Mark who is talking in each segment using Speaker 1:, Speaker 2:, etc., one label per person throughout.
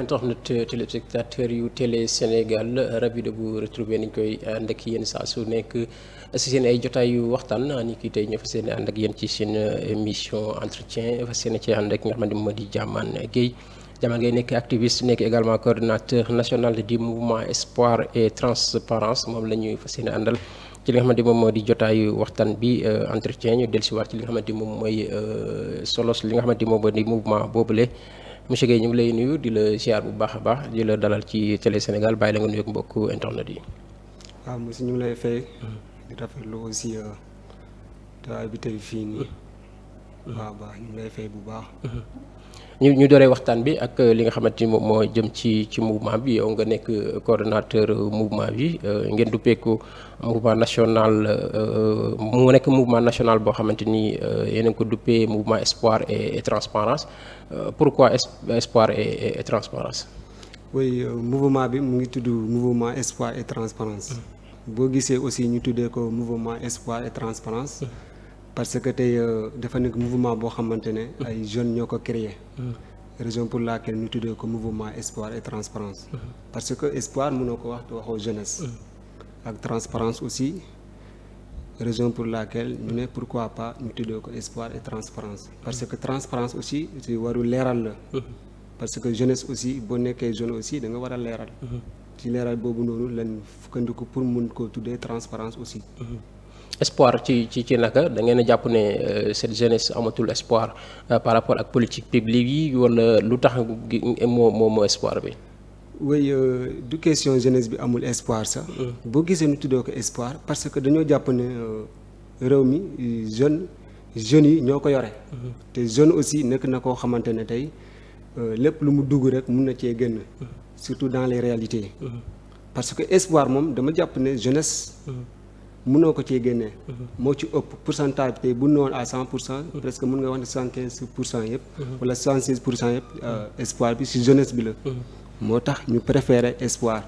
Speaker 1: internet euh, téléspectateur yu télé Sénégal ravi de vous retrouver niñ koy euh, ànd ak yéen saa su nekk euh, si seen ay jotaayu waxtaan ni kii tey ñoo fas yéene ànd ak yéen ci seen émission entretien fas yéene ci ànd ak nga xamante ni ma di Diamane Gueye Diamane Gueye nekk activiste nekk également coordinateur national du mouvement espoir et transparence moom la ñuy fas yéene àndal ci li nga xamante moom moo di waxtaan bi entretien ñu dellusiwaat ci li nga moom mooy solos li nga xamante moom moo di mouvement boobule monsieur Guèye ñu ngi lay nuyu di la ziar bu baax a baax di la dalal ci télé Sénégal bàyyi la nga nuyoog mbokku internet yi.
Speaker 2: waaw monsieur ñu ngi lay fay. di rafetlu aussi euh, tawaay bi tey fii nii. Mm-hmm. waaw baax ñu lay fay bu baax.
Speaker 1: Mm-hmm. ñu ñu doree waxtaan bi ak euh, li nga xamante ni moom moo jëm ci ci mouvement bi yow nga nekk euh, coordinateur euh, mouvement bi ngeen duppeeku mouvement national mu nekk mouvement national boo xamante ni yéen a ko duppee mouvement espoir et transparence pourquoi espoir et transparence
Speaker 2: oui mouvement bi mu ngi tudd mouvement espoir et transparence mm. boo gisee aussi ñu tuddee ko mouvement espoir et transparence mm. parce que tey euh, dafa nekk mouvement boo xamante ne. Mm. ay jeunes ñoo ko créer mm. raison pour laquelle ñu tuddee ko mouvement espoir et transparence mm. parce que espoir munoo ko wax te waxoo jeunesse. ak transparence aussi raison pour laquelle ñu ne pourquoi pas ñu tuddee ko espoir et transparence parce que transparence aussi ci waru leeral la. parce que jeunesse aussi boo nekkee jeune aussi da nga war a leeral. ci leeral boobu noonu lañ fukkandiku pour mun koo tuddee transparence aussi.
Speaker 1: espoir ci ci ci naka da ngeen jàpp ne euh, cette jeunesse amatul espoir euh, par rapport ak politique publique yi wala lu tax moo moo moo espoir bi.
Speaker 2: way euh, du question jeunesse bi amul espoir sax. Mm. boo gisee ñu tuddoo ko espoir parce que dañoo jàpp ne réew mi jeune jeunes yi ñoo ko yore. Mm-hmm. te jeune aussi nekk na koo xamante ne tey lépp lu mu dugg rek mun na cee génn. Mm-hmm. surtout dans les réalités. Mm-hmm. parce que espoir moom dama jàpp ne jeunesse. munoo ko cee génne mhm. moo ci ëpp pour bi tey bu noonu à cent pour cent. Mhm. presque mun nga wax ne soixante quinze pour cent yëpp. Mhm. wala soixante seize pour cent yëpp euh, espoir bi si jeunesse bi la. moo tax ñu préférer espoir.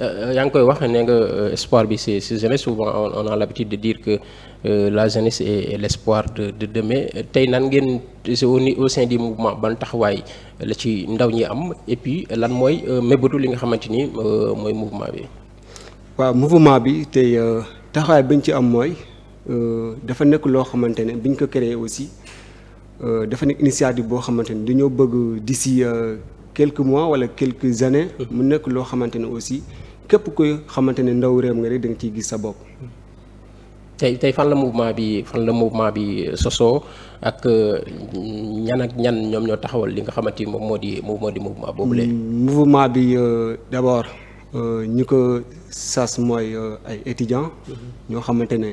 Speaker 1: Euh, yaa ngi koy wax ne nga euh, espoir bi c'est c'est jeunesse souvent on a l'habitude de dire que euh, la jeunesse est, est l'espoir de de demain tey nan ngeen au ni au sein du mouvement ban taxawaay la ci ndaw ñi am et puis lan mooy mébatu li nga xamante ni mooy mouvement bi. waaw
Speaker 2: mouvement bi tey euh, taxawaay bi ñu ci am mooy euh, dafa nekk loo xamante ne bi ko créé aussi euh, dafa nekk initiative boo xamante ne dañoo bëgg d'ici quelques mois wala quelque années. mu nekk loo xamante ne aussi képp koy xamante ne ndaw réew
Speaker 1: nga rek da nga ciy gis sa bopp. tey tey fan la mouvement bi fan la mouvement bi sosoo ak ñan ak ñan ñoom ñoo taxawal li nga xamante ni moom moo di moom moo di mouvement boobu lee
Speaker 2: mm, mouvement bi d'abord ñu ko sas mooy euh, ay étudiants. ñoo xamante ne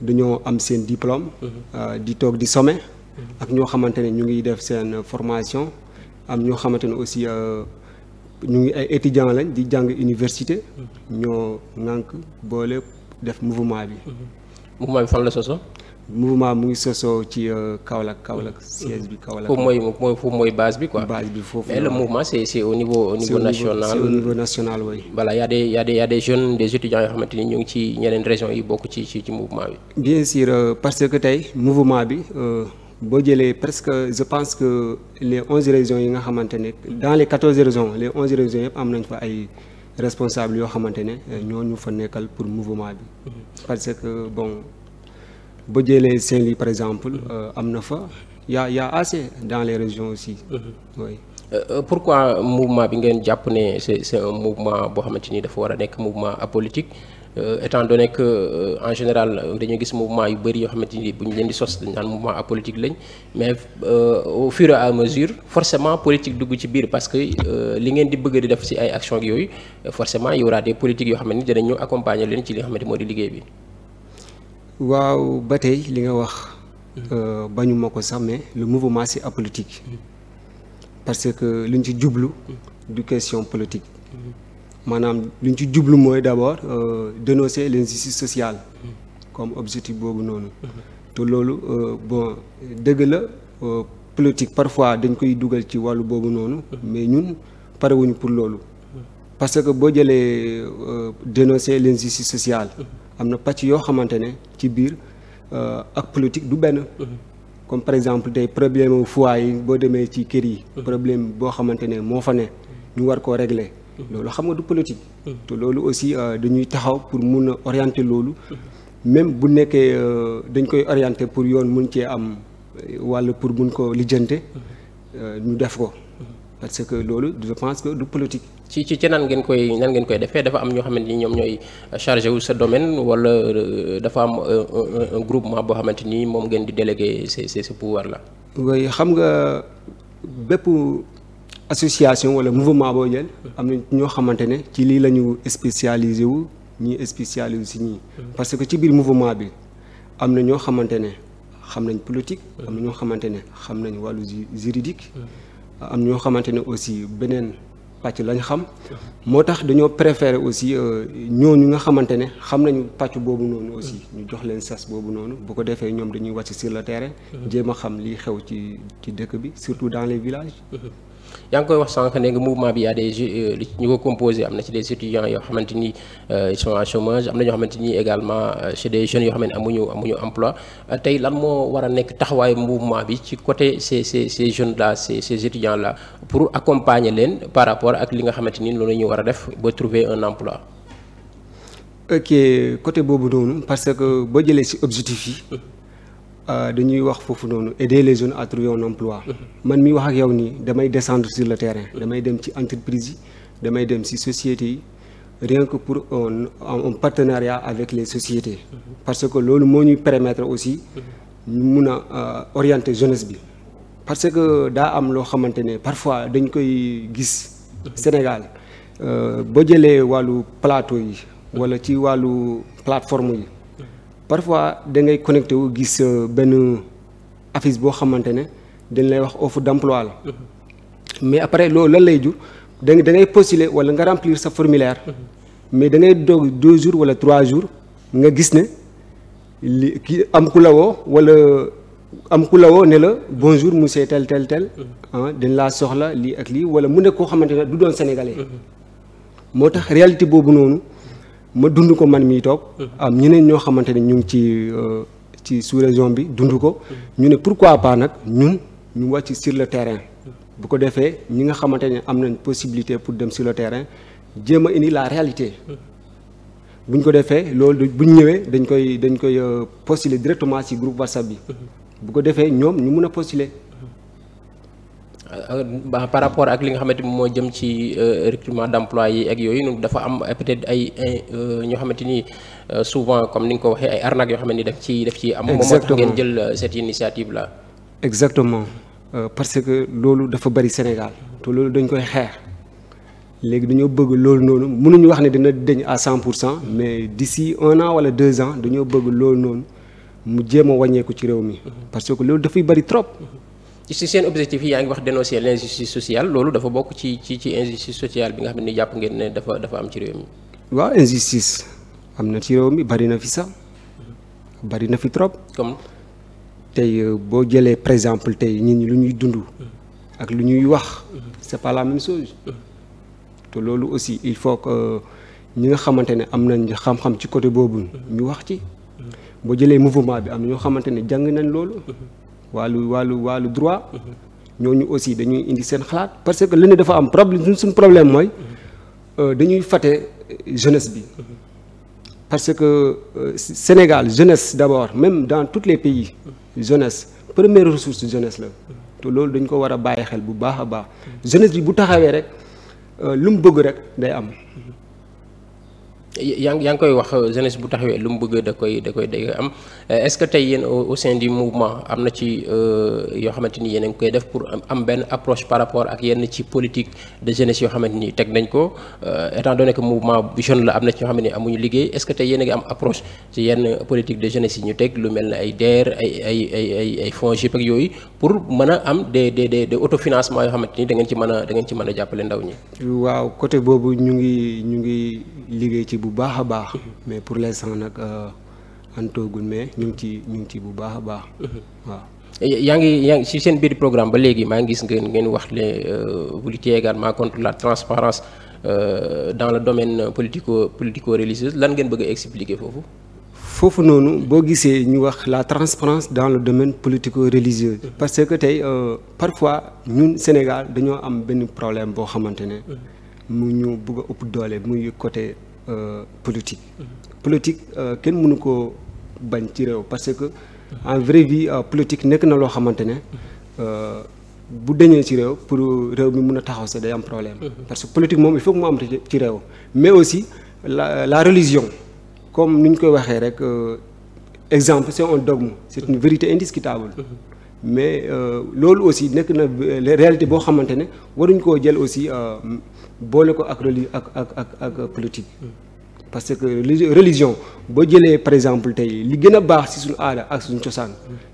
Speaker 2: dañoo am seen diplôme. Mhm. Euh, di toog di some ak ñoo xamante ne ñu ngi def seen formation am ñoo xamante ne aussi euh, ñu ngi ay étudiants lañ di jàng université. Mhm. ñoo ŋànk boole def mouvement bi. Mhm. mouvement bi fan la soso mouvement mu ngi sosoo
Speaker 1: ci euh, Kaolack Kaolack mm. siège bi Kaolack. foofu mooy mooy foofu mooy base bi quoi. base bi foofu mais mouvement c' au niveau. au niveau national c' est au niveau
Speaker 2: national oui.
Speaker 1: voilà y' a des y' a des a des jeunes bokk ci ci ci mouvement
Speaker 2: euh, parce que tey mouvement bi euh, boo jëlee presque je pense que les onze yi nga xamante ne dans les quatorze les onze am nañ fa ay. responsable yoo xamante ne ñoo ñu fa nekkal pour mouvement bi mm-hmm. parce que bon boo jëlee Saint-Louis par exemple euh, am na fa yaa a y' a dans les régions aussi. Mm-hmm. oui.
Speaker 1: Euh, euh, pourquoi mouvement bi ngeen jàpp ne c' mouvement boo xamante ni dafa war a nekk mouvement apolitique étant donné que en général dañoo gis mouvement yu bëri yoo xamante ni bu ñu leen di sos dañ naan mouvement apolitique lañ mais au fur et à mesure forcément politique dugg ci biir parce que li ngeen di bëgg di def si ay actions yooyu forcément y aura des politiques yoo xamante ni dinañ ñu accompagner leen ci li nga xamante moo di
Speaker 2: waaw ba tey li nga wax mm-hmm. euh, bañu ma ko sax mais le mouvement si apolitique mm-hmm. parce que luñ ci jublu mm-hmm. du question politique maanaam luñ ci jublu mooy d'abord euh, dénoncer l'injustice sociale comme objectif boobu noonu te loolu euh, bon dëgg la politique parfois dañ koy dugal ci wàllu boobu noonu mais ñun parewuñu pour loolu parce que boo jëlee dénoncer l'injustice sociale am na pàcc yoo xamante ne ci biir euh, ak politique du benn. comme par exemple tey problème foie yi boo demee ci kër yi. problème boo xamante ne moo fa ne. ñu war koo régler. loolu xam nga du politique. te loolu aussi euh, dañuy taxaw pour mun a orienter loolu. même bu nekkee euh, dañ koy orienter pour yoon mun cee am walla pour mun
Speaker 1: ko lijjante. ñu def ko. parce que loolu je pense que du politique. ci ci ci ngeen koy nan ngeen koy defee dafa am ñoo xamante ni ñoom ñooy chargé wu sa domaine wala euh, dafa am euh, un groupement boo xamante nii moom ngeen di délégué ces ces pouvoir la.
Speaker 2: oui xam nga bépp association wala mouvement boo jël. am na ñoo xamante ne ci lii la ñu spécialisé wu ñii spécialisé si parce que ci biir mouvement bi am na ñoo xamante ne. xam nañ politique am na ñoo xamante ne xam nañ wàllu juridique am ñoo xamante ne aussi beneen pàcc lañ xam moo tax dañoo préféré aussi euh, ñoo ñu nga xamante ne xam nañu pàcc boobu noonu aussi ñu jox leen sas boobu noonu bu ko defee ñoom dañuy wàcc sur le terrain
Speaker 1: mmh. jéem a xam liy xew ci ci dëkk bi surtout dans les villages mmh. yaa ngi koy wax sànq ne nga mouvement bi y a des euh, ñu ko composé am na ci des étudiants yoo xamante ni euh, ils sont am na ñoo xamante ni également euh, c'est des jeunes yoo xam ne amuñu amuñu emploi tey lan moo war a nekk taxawaayu mouvement bi ci côté ces ces ces jeunes là ces ces étudiants là pour accompagner leen par rapport ak li nga xamante ni loolu ñu war a def ba trouver un emploi.
Speaker 2: ok côté boobu noonu parce que boo jëlee ci objectif yi. Mm. Euh, dañuy wax foofu noonu aider les zones à trouver un emploi mhm. man mi wax ak yow nii damay descendre sur le terrain mhm. damay dem ci entreprise yi damay dem ci société yi rien que pour un partenariat avec les sociétés mhm. parce que loolu moo ñuy permettre aussi ñu mun a euh, orienter jeunesse bi parce que daa am loo xamante ne parfois dañ koy gis Sénégal euh, ba jëlee wàllu plateau yi walla ci wàllu plateforme yi parfois da ngay connecté wu gis euh, benn affiche boo xamante ne dañ lay wax offre d'emploi la mhm. mais après loolu lan lay jur da da ngay postuler wala nga remplir sa formulaire mhm. mais da ngay doog deux jours wala trois jours nga gis ne li ki am ku la woo wala am ku la woo ne la bonjour monsieur tel tel tel mhm. ah dañ laa soxla lii ak lii wala mu nekk koo xamante ne du doon sénégalais moo tax réalité boobu noonu ma dund ko man mii toog. Mhm. am ñeneen ñoo xamante ne ñu ngi ci euh, ci sous région bi dund ko. Mhm. ñu ne pour quoi pas nag ñun ñu wàcc sur le terrain. Mhm. bu ko defee ñi nga xamante ne am nañ possibilité pour dem sur le terrain jéem a indi la réalité. buñ ko defee loolu bu ñu ñëwee dañ koy dañ koy euh, postuler directement ci groupe WhatsApp bi. bu ko defee ñoom ñu mun a postuler.
Speaker 1: Euh, euh, par rapport ak li nga xamante ni moo jëm ci euh, recrutement d'emploi yi ak yooyu noonu dafa am peut-être ay ñoo xamante ni souvent comme ni nga ko waxee ay arnaque yoo xamante ni daf ci daf ci am moom moo tax ngeen jël cette initiative là
Speaker 2: exactement parce que loolu dafa bari Sénégal te loolu dañ koy xeex léegi dañoo bëgg loolu noonu mënuñu wax ne dana deñ à cent pour cent mais d'ici un an wala deux ans dañoo bëgg loolu noonu mu jéem a wàññeeku ci réew mi mm-hmm. parce que loolu dafay bari trop
Speaker 1: ci seen objectif yi yaa ngi wax dénoncer l'injustice sociale loolu dafa bokk ci ci ci injustice sociale bi nga xam ne ni jàpp ngeen ne dafa dafa am ci réew mi.
Speaker 2: waaw injustice am na ci réew mi bari na fi sax bari na fi trop. comme tey euh, boo jëlee par exemple tey nit ñi lu ñuy dund. ak lu ñuy wax. c'est pas la te loolu aussi il faut que euh, ñi nga xamante ne am nañ xam-xam ci côté boobu. ñu wax ci. boo jëlee mouvement bi am na ñoo xamante ne jàng nañ loolu. wàllu wàllu wàllu droit ñooñu aussi dañuy indi seen xalaat parce que leneen dafa am problème suñ problème mooy euh, dañuy fate euh, jeunesse bi parce que euh, Sénégal jeunesse d'abord même dans tous les pays jeunesse première ressource jeunesse la te loolu dañ ko war a bàyyi xel bu baax a baax jeunesse bi bu taxawee
Speaker 1: rek lu mu bëgg rek day am yaa ngi yaa ngi koy wax euh, jeunesse bu taxawee lu mu bëgg da koy da koy da koy am euh, est-ce que tey yéen au sein mouvement am na ci euh, yoo xamante ni yéen a ngi koy def pour am benn approche par rapport ak yenn ci politique de jeunesse yoo xamante ni teg nañ ko étant donné que mouvement jeune la am na ci ñoo xam ne amuñu liggéey est-ce que tey yéen ngi am approche ci yenn politique de jeunesse yi ñu teg lu mel ne ay DER ay ay ay ay ay fonds GIEC ak yooyu pour mën a am des des des des autofinancement da ngeen ci mën a da ngeen ci mën a jàppale ndaw ñi.
Speaker 2: waaw côté bu baax a baax. mais pour l'instant nag euh, antoogul mais ñu ngi ci ñu ngi ci bu baax a baax.
Speaker 1: waaw. yaa ngi yaa ngi si seen biir programme ba léegi maa ngi gis ngeen ngeen wax ne euh, vous luttez également contre la transparence euh, dans le domaine politico politico religieux lan ngeen bëgg a expliquer foofu.
Speaker 2: foofu noonu boo gisee ñu wax la transparence dans le domaine politico religieux mm-hmm. parce que tey parfois ñun Sénégal dañoo am benn problème boo xamante ne. mu ñu bëgg a doole muy Euh, politique. politique euh, kenn mënu ko bañ ci réew parce que en vraie vie euh, politique nekk na loo xamante ne bu dañee ci réew pour réew mi mun a taxaw sax day am problème. parce que politique moom il faut que mu am ci réew. mais aussi la la religion comme ni ñu koy waxee rek exemple c'est un dogme c'est une vérité indiscutable. mais euh, loolu aussi nekk na euh, réalité boo xamante ne waruñ koo jël aussi euh, boole ko ak ak ak ak ak politique. parce que religion boo jëlee par exemple tey li gën a baax ci suñu aada ak suñu cosaan.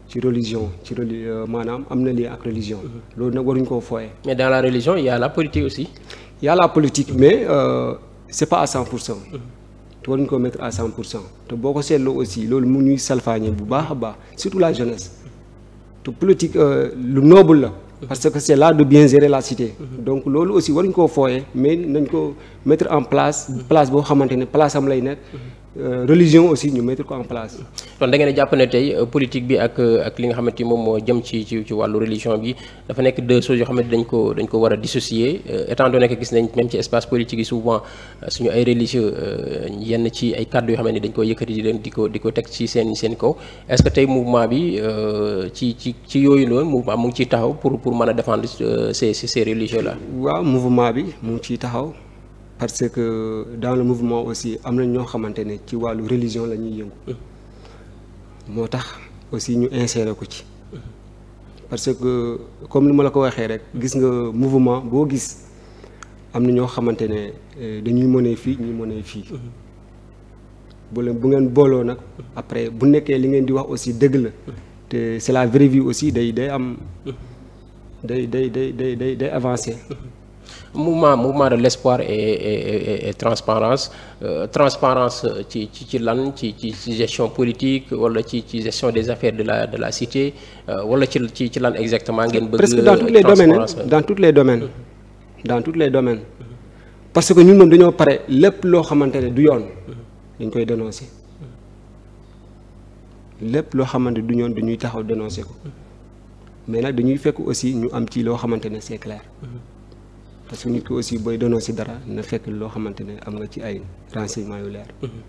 Speaker 2: ci religion ci reli maanaam am na lii ak religion. loolu nag waruñu koo fooyee.
Speaker 1: mais dans la religion il y la politique
Speaker 2: aussi. il y mais euh, c'est pas à 100 pour cent. te waruñu koo mettre à 100 pour cent te boo ko seetloo aussi loolu mu ñuy salfaañe bu baax a baax surtout la jeunesse. te politique euh, lu noble la. Mhm. parce que c' est là de bien gérer mhm. donc loolu aussi war waruñ koo fooyee mais nañ ko mettre en place. Mhm. place boo xamante ne place am lay nekk. Euh, religion aussi ñu mettre ko en place.
Speaker 1: kon da ngeen jàpp ne tey euh, politique bi ak euh, ak li nga xamante ni moom moo jëm ci ci ci wàllu religion bi dafa nekk deux choses yoo xamante dañ ko dañ ko war a dissocier étant donné que gis nañ même ci espace politique yi souvent suñu ay religieux yenn ci ay kàddu yoo xam ne dañ koy yëkkati di leen di ko di ko teg ci seen seen kaw est-ce que tey mouvement bi ci ci ci yooyu loolu mouvement mu ngi ciy taxaw pour pour mën a défendre ces ces religieux la
Speaker 2: waaw mouvement bi mu ciy taxaw. parce que dans le mouvement aussi am na ñoo xamante ne ci wàllu religion la ñuy yëngu mm-hmm. moo tax aussi ñu insérer ko ci parce que comme ni ma la ko waxee rek gis nga mouvement boo gis am na ñoo xamante ne euh, dañuy mënee fii ñuy mënee fii mm-hmm. bu leen bu ngeen booloo nag après bu nekkee li ngeen di wax aussi dëgg la mm-hmm. te c'est la vraie vie
Speaker 1: aussi day day am day day day day day day avancé mouvement mouvement de l'espoir et et, et, et transparence euh, transparence ci ci ci lan ci ci gestion politique wala ci ci gestion des affaires de la de la cité euh, wala ci ci ci lan exactement ngeen bëgg presque dans tous les domaines
Speaker 2: dans tous les domaines mhm. dans tous les parce que ñun moom dañoo pare lépp loo xamante ne du yoon dañ koy dénoncer lépp loo xamante ne du yoon dañuy taxaw dénoncer ko mhm. mais nag dañuy fekk aussi ñu am ci loo xamante ne c'est clair mhm. parce que nit ki aussi booy donoo si dara na fekk loo xamante ne am nga ci ay renseignements yu leer. Mhm.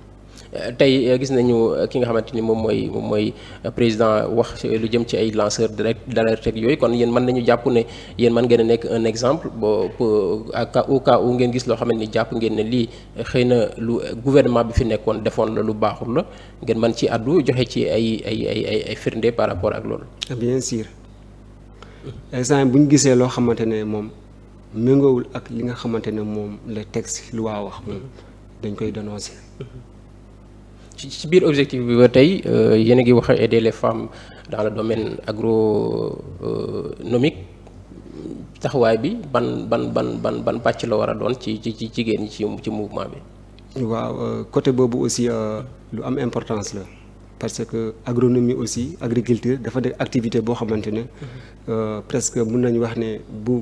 Speaker 1: Euh, tey euh, gis nañu euh, ki nga xamante ni moom mooy moom mooy président wax lu jëm ci ay lanceur direct d'alerte ak yooyu kon yéen mën nañu jàpp ne yéen man ngeen a nekk un exemple boo au cas où ngeen gis loo xamante ni jàpp ngeen ne lii xëy na lu gouvernement bi fi nekkoon defoon la lu baaxul la ngeen mën ci àddu joxe ci ay ay ay ay firnde par rapport ak loolu.
Speaker 2: Ah, bien sûr gisee loo xamante ne moom. méngoowul ak li nga xamante ne moom la texte loi wax moom dañ koy dénoncer.
Speaker 1: ci biir objectif bi ba tey euh, yéen a ngi wax aider les femmes dans le domaine agronomique taxawaay bi ban ban ban ban ban pàcc la war a doon ci ci ci jigéen ñi ci ci mouvement bi.
Speaker 2: waaw euh, côté boobu aussi euh, lu am importance la. parce que agronomie aussi agriculture dafa nekk activité boo xamante ne mhm. euh, presque mun nañu wax ne bu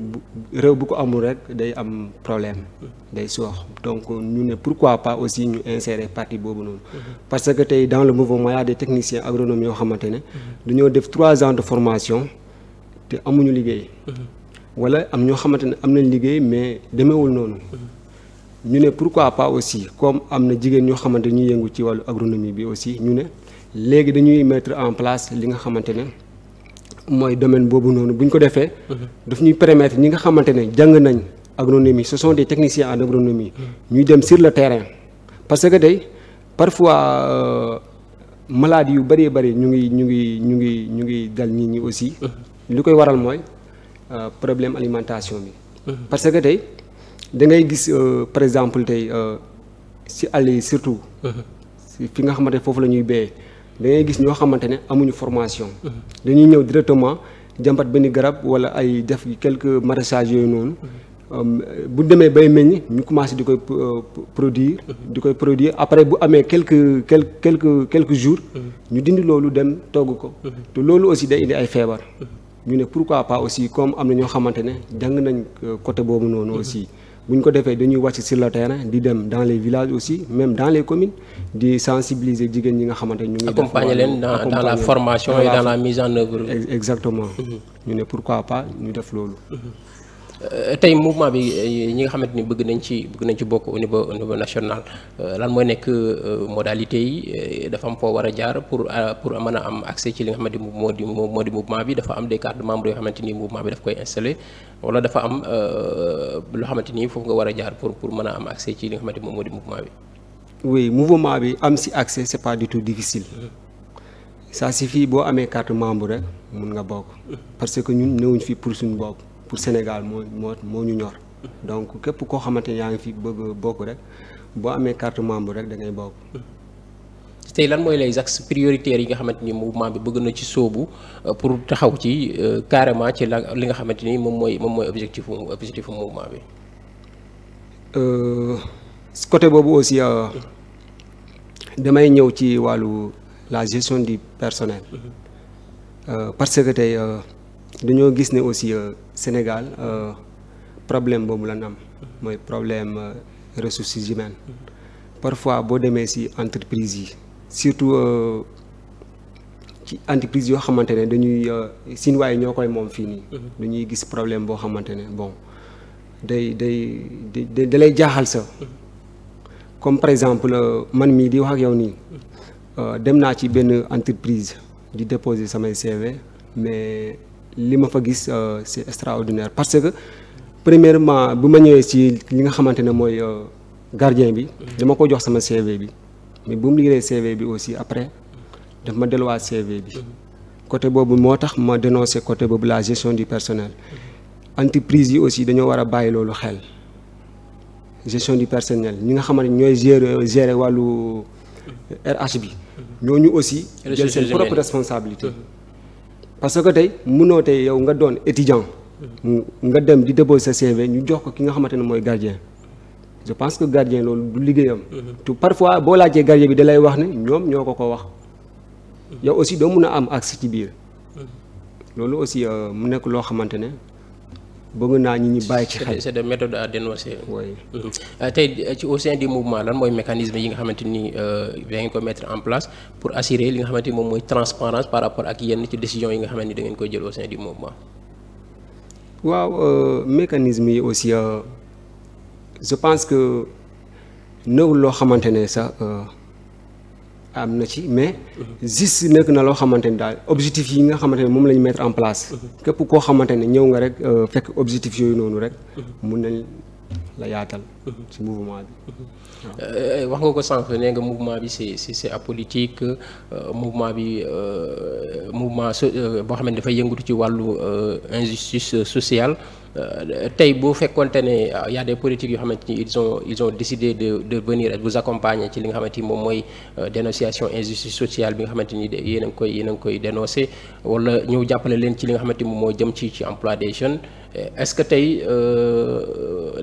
Speaker 2: réew bu ko amul rek day am problème mhm. day soox donc ñu ne pourquoi pas aussi ñu insérer partie boobu noonu mhm. parce que tey dans le mouvement y a des techniciens agronomes yoo xamante ne dañoo def trois ans de formation te amuñu liggéey wala am ñoo xamante ne am nañ liggéey mais demeewul noonu ñu ne pourquoi pas aussi comme am na jigéen ñoo xamante ñu yëngu ci wàllu agronomie bi aussi ñu ne léegi dañuy metre en place li nga xamante ne mooy domaine boobu noonu buñ ko defee. Mhm. daf ñuy permettre ñi nga xamante ne jàng nañ agronomie ce sont des techniciens en agronomie. Mhm. ñuy dem sur le terrain parce que tey parfois euh, maladies yu bëree bëri ñu ngi ñu ngi ñu ngi ñu ngi dal nit ñi aussi. Mhm. li koy waral mooy euh, problème alimentation bi. parce que tey da ngay gis euh, par exemple tey si àll yi surtout. fi nga xamante foofu la ñuy béyee. da ngay gis ñoo xamante ne amuñu formation. dañuy ñëw directement jàmbat ni garab wala ay def quelques maraîchage yooyu noonu. bu demee bay meññ ñu commencé di koy euh, produit mhm. di koy produire après bu amee quelque quelque quelques quelques jours. Mhm. ñu dindi loolu dem togg ko. Mhm. te loolu aussi day indi ay feebar. ñu ne pourquoi pas aussi comme am na ñoo xamante ne jàng nañ euh, côté boobu noonu aussi. bu ñu ko defee dañuy wàcc sur le terrain di dem dans les villages aussi même dans les communes di sensibiliser jigéen ñi nga xamante ñu ngi accompagner leen dans la formation et dans la mise en œuvre exactement mhm. ñu ne pourquoi pas ñu def loolu
Speaker 1: mhm. Euh, tey mouvement bi euh, ñi nga xamante ni bëgg nañ ci bëgg nañ ci bokk au niveau au niveau national euh, lan mooy nekk modalité yi dafa am foo war a jaar pour pour mën a am accès ci li nga xamante ni moo di moo di mouvement bi dafa am des membre yoo xamante ni mouvement bi daf koy installé wala dafa am loo xamante ni foofu nga war a jaar pour pour mën a am accès ci li nga xamante ni moo di
Speaker 2: bi. am si accès c'est pas du tout difficile. si fii boo amee carte membre rek mun nga bokk. parce que ñun newuñ fii pour suñu bopp. pour Sénégal moo moo moo ñu ñor donc
Speaker 1: képp koo xamante ni yaa ngi fi bëgg bokk rek boo amee carte membre rek da ngay bokk. tey lan mooy les axes prioritaires yi nga xamante ni mouvement bi bëgg na ci sóobu euh, pour taxaw ci euh, carrément ci la li nga xamante ni moom mooy moom mooy objectif objectif mouvement bi.
Speaker 2: si euh, boobu aussi damay ñëw ci wàllu la gestion di personnel. Mm-hmm. parce que tey dañoo gis ne aussi. Sénégal euh, problème boobu la nam mooy problème euh, ressources humaines parfois boo demee si entreprise yi surtout euh, ci entreprise yoo xamante ne dañuy Sinwaa ñoo koy moom fii nii. Mhm. dañuy gis problème boo xamante ne bon day day day lay jaaxal sa. Mhm. comme par exemple man mii di wax ak yow nii mhm. dem naa ci benn entreprise di déposé samay CV mais. li ma fa gis euh, c'est extraordinaire parce que premièrement bu ma ñëwee ci li nga xamante ne mooy euh, gardien bi dama ko jox sama CV bi mais bu mu liiree CV bi aussi après daf ma delluwaat CV bi côté boobu moo tax ma dénoncé côté boobu la gestion du personnel entreprise yi aussi dañoo war a bàyyi loolu xel gestion du personnel ñi nga xamante ñooy gérer gérer wàllu RH euh, bi ñooñu aussi jël seen responsabilité mmh. parce que tey mënoo tey yow nga doon étudiant. nga dem di déposer sa CV ñu jox ko ki nga xamante ne mooy gardien. je pense que gardien loolu du liggéeyam. Mm-hmm. te parfois boo laajee gardien bi da lay wax ne ñoom ñoo ko ko wax. Mm-hmm. yow aussi doo mun a am accès ci biir.
Speaker 1: Mm-hmm. loolu aussi euh, mu nekk loo xamante ne bëgg naa ñu ñu bàyyi ci xel c'est des méthodes à dénoncer. Mm-hmm. Euh, tey euh, ci au sein du mouvement lan mooy mécanisme yi nga xamante ni da euh, ngeen ko mettre en place pour assurer li nga xamante ni moom mooy transparence par rapport ak yenn ci décision yi nga xamante ni da ngeen koy jël au sein du mouvement.
Speaker 2: waaw mécanisme yi aussi je pense que néew loo xamante ne sax. am na ci mais juste nekk na loo xamante ni daal objectif yi nga xamante ne moom lañu ñu mettre en place képp koo xamante ne ñëw nga rek euh, fekk objectif yooyu noonu rek mun nañ la yaatal ci mouvement bi
Speaker 1: euh, wax nga ko sànq nee nga mouvement bi c'est c'est apolitique euh, mouvement bi mouvement boo xam ne dafay yëngatu ci wàllu injustice sociale Euh, tey boo fekkonte ne euh, y a des politiques yoo xamante ni ils ont ils ont décidé de de venir vous accompagner ci li nga xamante ni moom mooy euh, dénonciation injustice sociale bi nga xamante ni yéen a ngi koy a ngi koy dénoncer wala ñëw jàppale leen ci li nga xamante ni moom moo jëm ci ci emploi des jeunes est-ce que tey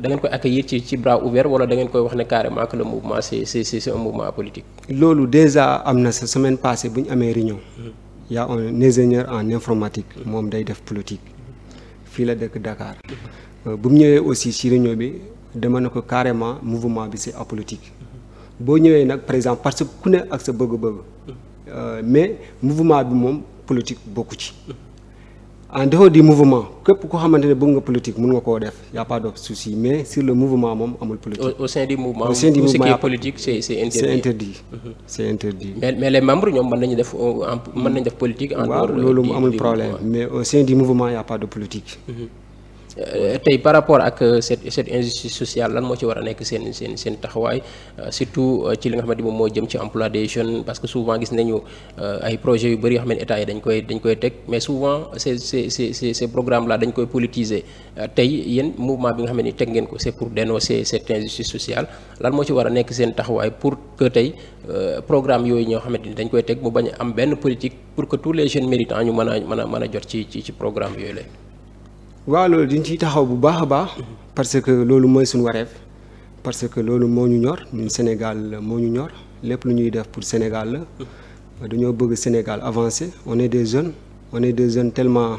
Speaker 1: da ngeen koy accueillir ci ci bras ouvert wala da ngeen koy wax ne carrément que le mouvement c'est c'est c'est mouvement politique.
Speaker 2: loolu déjà am na sa semaine passé bu ñu amee réunion. Mm-hmm. y a un en informatique. moom day def politique. fii la dëkk Dakar euh, bu mu ñëwee aussi ci réunion bi dama ne ko carrément mouvement bi c'est apolitique boo ñëwee nag par exemple parce que ku ne ak sa bëgg-bëgg euh, mais mouvement bi moom politique bokku ci. en dehors du mouvement képp ko xamante ne bëgg nga politique mun nga koo def y' a pas de souci mais sur le mouvement moom amul politique. au sein du mouvement au sein du mouvement ce qui est politique c' est interdit c' est
Speaker 1: mhm. ñoom mën nañu def euh, mën nañu def politique. Euh, amul problème mais au sein mouvement y' pas de politique. Mhm. Euh, tey par rapport ak euh, cette cette injustice sociale lan moo ci war a nekk seen seen seen taxawaay euh, surtout ci li nga xamante ni moom moo jëm ci emploi des jeunes parce que souvent gis nañu ay projets yu bëri yoo xam ne état yi dañ koy dañ koy teg mais souvent ces ces dañ koy politiser tey yéen mouvement bi nga xam ne teg ngeen ko c'est pour dénoncer cette injustice sociale moo ci war a nekk seen taxawaay pour que tey programme yooyu ñoo xamante ni dañ koy teg mu bañ am benn politique pour que tous les jeunes méritants ñu mën a mën a mën a jot ci ci ci programme yooyu la
Speaker 2: waaw loolu diñ ciy taxaw bu baax a baax parce que loolu mooy suñu wareef parce que loolu moo ñu ñor Sénégal moo ñu ñor lépp lu ñuy def pour Sénégal dañoo bëgg Sénégal avancé on est des jeunes on des jeunes tellement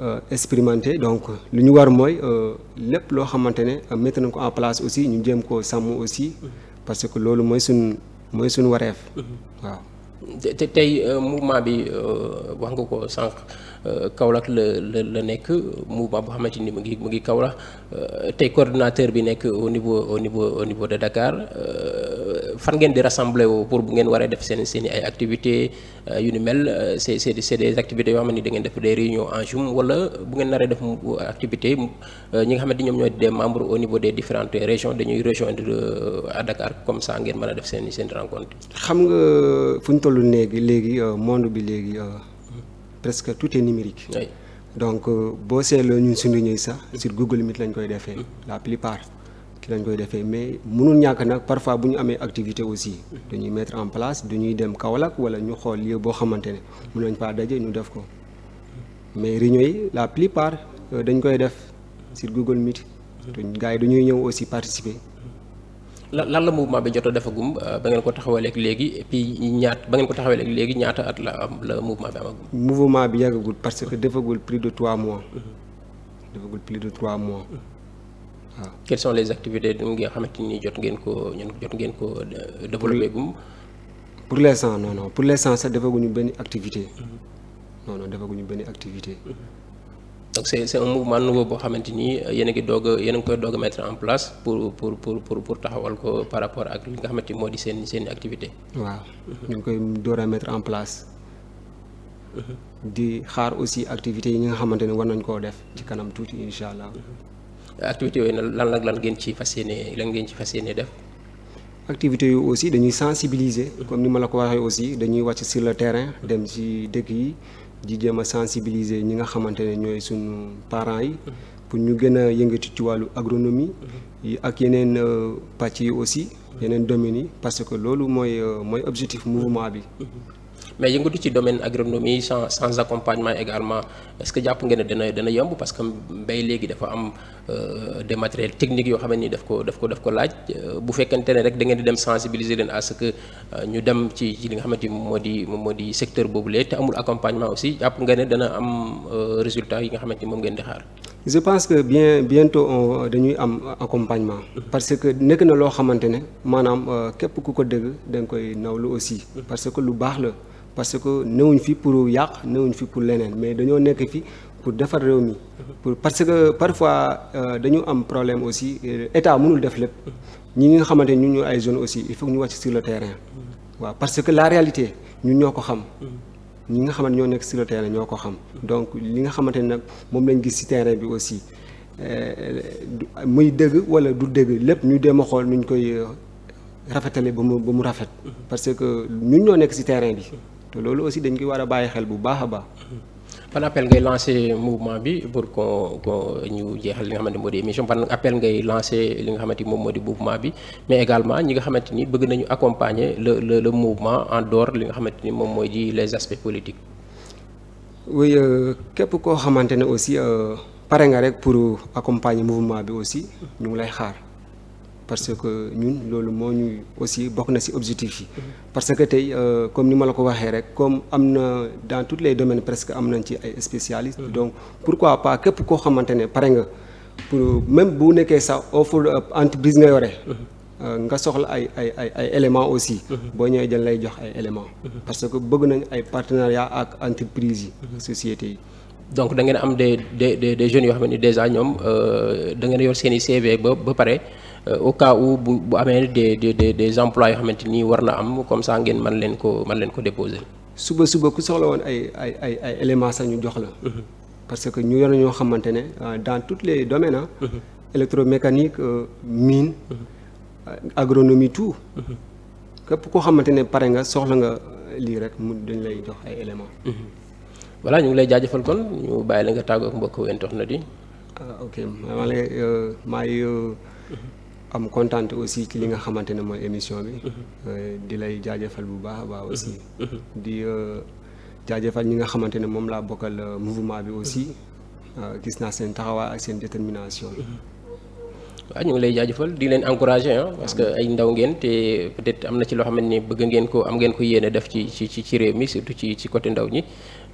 Speaker 2: euh, expérimentés donc lu ñu war mooy euh, lépp loo xamante ne euh, mettre ko en place aussi ñu jéem koo sàmm aussi parce que loolu mooy suñu mooy suñu wareef mhm.
Speaker 1: waaw te tey euh, mouvement bi wax nga ko sànq Euh, Kaolack la la la nekk mouvement boo xamante ni mu ngi mu ngi Kaolack euh, tey coordonnateur bi nekk au niveau au niveau au niveau de Dakar euh, fan ngeen di rassembler wu pour bu ngeen waree def seen seen ay activité yu ni mel c'est c'est c'est des activités yoo xam ni da ngeen def des réunions en Zoom wala bu ngeen naree def activité ñi nga xamante ñoom ñoo des membre au niveau des différentes région dañuy rejoindre à Dakar comme ça ngeen mën a def seen seen rencontre.
Speaker 2: xam nga fu ñu toll léegi léegi monde bi léegi. presque tout est numérique. Oui. donc euh, boo seetloo ñun suñu ñuy sax sur Google Meet lañ koy defee. Mm-hmm. la plupart ki lañ koy defee mais mënul ñàkk nag parfois bu ñu amee activité aussi. Mm-hmm. dañuy mettre en place dañuy dem Kaolack wala ñu xool lieu boo xamante ne mën nañ faa daje ñu def ko mm-hmm. mais réunion yi la plupart euh, dañ koy def sur Google Meet. te gars yi dañuy ñëw aussi participer.
Speaker 1: lan la mouvement bi jot a defagum euh, ba ngeen ko taxawalee ak léegi et ñaat ba ngeen ko taxawalee ak léegi ñaata at la am la mouvement bi amagum.
Speaker 2: mouvement bi yàggagul parce que defagul plus de trois mois. Mm-hmm. defagul plus de trois mois. Mm-hmm.
Speaker 1: waaw quelles sont les activités yi nga xamante ni jot ngeen ko ñun jot ngeen ko euh, développé gum.
Speaker 2: pour l'instant non non pour les l'instant sax defaguñu benn activité. Mm-hmm.
Speaker 1: non defaguñu benn activité. donc c' est c' est un boo xamante ni euh, yéen a ngi doog koy doog a mettre en place pour pour pour pour pour taxawal ko par rapport ak li nga xamante ni moo di seen seen activité.
Speaker 2: waaw ñu ngi koy door a en place. Mm-hmm. di xaar aussi activités yi nga xamante ne war nañ koo def ci kanam tuuti incha allah. Mm-hmm.
Speaker 1: activités yooyu lan lan lan ngeen ci fas yéenee lan ngeen ci fas yéenee def.
Speaker 2: activités yooyu aussi dañuy sensibiliser. Mm-hmm. comme ni ma la ko waxee aussi dañuy wàcc si le terrain dem ci dëkk yi. di jéem a sensibiliser ñi nga xamante ne ñooy suñu parent yi. pour ñu gën a yëngati ci wàllu agronomie. ak yeneen euh, pàcc yi aussi. yeneen domaines yi parce que loolu mooy euh, mooy objectif
Speaker 1: mouvement bi. mais yëngatu ci domaine agronomie sans sans accompagnement également est-ce que jàpp nga ne dana dana yomb parce que mbay léegi dafa am euh, de matériel techniques yoo xam ni daf ko daf ko daf ko laaj euh, bu fekkente ne rek da ngeen di dem sensibiliser leen à que euh, ñu dem ci ci li nga xamante ni moo di moo di secteur boobu lee te accompagnement aussi jàpp nga ne dana am résultat yi nga xamante ni moom ngeen di xaar.
Speaker 2: je pense que bien bientôt on dañuy am accompagnement. Mm-hmm. parce que nekk na loo xamante ne maanaam képp ku ko dégg da nga koy nawlu aussi. Mm-hmm. parce que lu baax la. parce que newuñ fii pour yàq newuñ fi pour leneen mais dañoo nekk fii pour defar réew mi pour parce que parfois euh, dañu am problème aussi euh, état mënul def lépp ñi nga xamante ñu ñu ay jeunes aussi il faut ñu wàcc sur le terrain waaw parce que la réalité ñun ñoo ko xam ñi nga xamante ñoo nekk si le terrain ñoo ko xam donc li nga xamante ne nag moom lañ gis ci terrain bi aussi euh, muy dëgg wala du dëgg lépp ñu dem a xool nuñ koy rafetale ba mu ba mu rafet parce que
Speaker 1: ñun ñoo nekk ci terrain bi te loolu aussi dañ koy war a bàyyi xel bu baax a baax. ban appel ngay lancé mouvement bi pour ko ñu jeexal li nga xamante moo émission ban appel ngay lancé li nga xamante moom moo di mouvement bi mais également ñi nga xamante ni bëgg nañu accompagner le le le mouvement en dehors li nga xamante ni moom mooy di les aspects politiques.
Speaker 2: oui euh, képp koo xamante ne aussi euh, pare nga rek pour accompagner mouvement bi aussi ñu ngi lay xaar. parce que ñun loolu moo ñuy aussi bokk na si objectif yi. parce que tey euh, comme ni ma la ko waxee rek comme am na dans tous les domaines presque am nañ ci ay spécialistes. Mm-hmm. donc pour pourquoi pas képp koo xamante ne pare nga pour même bu nekkee sax offre euh, entreprise nga yore. Mm-hmm. Euh, nga soxla ay ay ay ay éléments aussi. Mm-hmm. boo ñëwee dañ lay jox
Speaker 1: ay éléments. parce que bëgg nañ ay partenariat ak entreprise yi. société yi. donc da ngeen am des des des jeunes yoo xam ne déjà ñoom da ngeen yor seen i CV ba ba pare. au cas où bu bu amee des des des emplois yoo xamante nii war na am comme ça ngeen man leen ko mën leen ko déposer.
Speaker 2: suba suba ku soxla woon ay ay ay ay sax ñu jox la. Mhm. parce que ñu yor ñoo xamante ne euh, dans tous les domaines ah. électromécanique euh, mine. Mhm. Euh, agronomie tout. képp koo xamante ne pare nga soxla nga
Speaker 1: lii rek mu dañ lay jox ay éléments. voilà ñu ngi lay jaajëfal kon ñu bàyyi la nga tàggu ak mbokk wentox na di. ok maa
Speaker 2: am kontaan aussi ci li nga xamante ne mooy émission bi. Mhm. Euh, di lay jaajëfal bu baax a baax mhm. aussi. Mhm. di euh, jaajëfal ñi nga xamante ne moom laa bokkal euh, mouvement bi aussi. gis naa seen taxawaay ak seen détermination.
Speaker 1: waaw ñu ngi lay jaajëfal di leen encouragé ah parce que ay ndaw ngeen te peut-être am na ci loo xamante ni bëgg ngeen ko am ngeen ko yéene def ci ci ci réew mi surtout ci ci côté ndaw ñi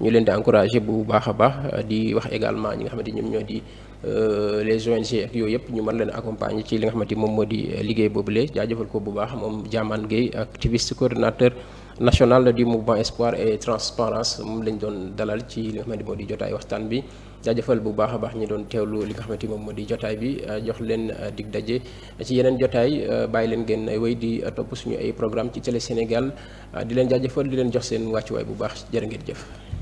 Speaker 1: ñu leen di encouragé bu baax a baax di wax également ñi nga xamante ñoom ñoo di. Euh, les ONG ak yooyu yëpp ñu mën leen accompagner ci li nga xamante ni moom moo di euh, liggéey boobulee jaajëfal ko bu baax moom Diamane Gueye activiste coordinateur national du mouvement espoir et transparence moom lañ doon dalal ci li nga moo di jotaay waxtaan bi jaajëfal bu baax a baax ñi doon teewlu li nga xamante moom moo di jotaay bi euh, jox leen dig daje ci yeneen jotaay bàyyi leen ay wéy di topp suñu ay programme ci Télé Sénégal di leen jaajëfal di leen jox seen wàccuwaay bu baax jërë ngeen jëf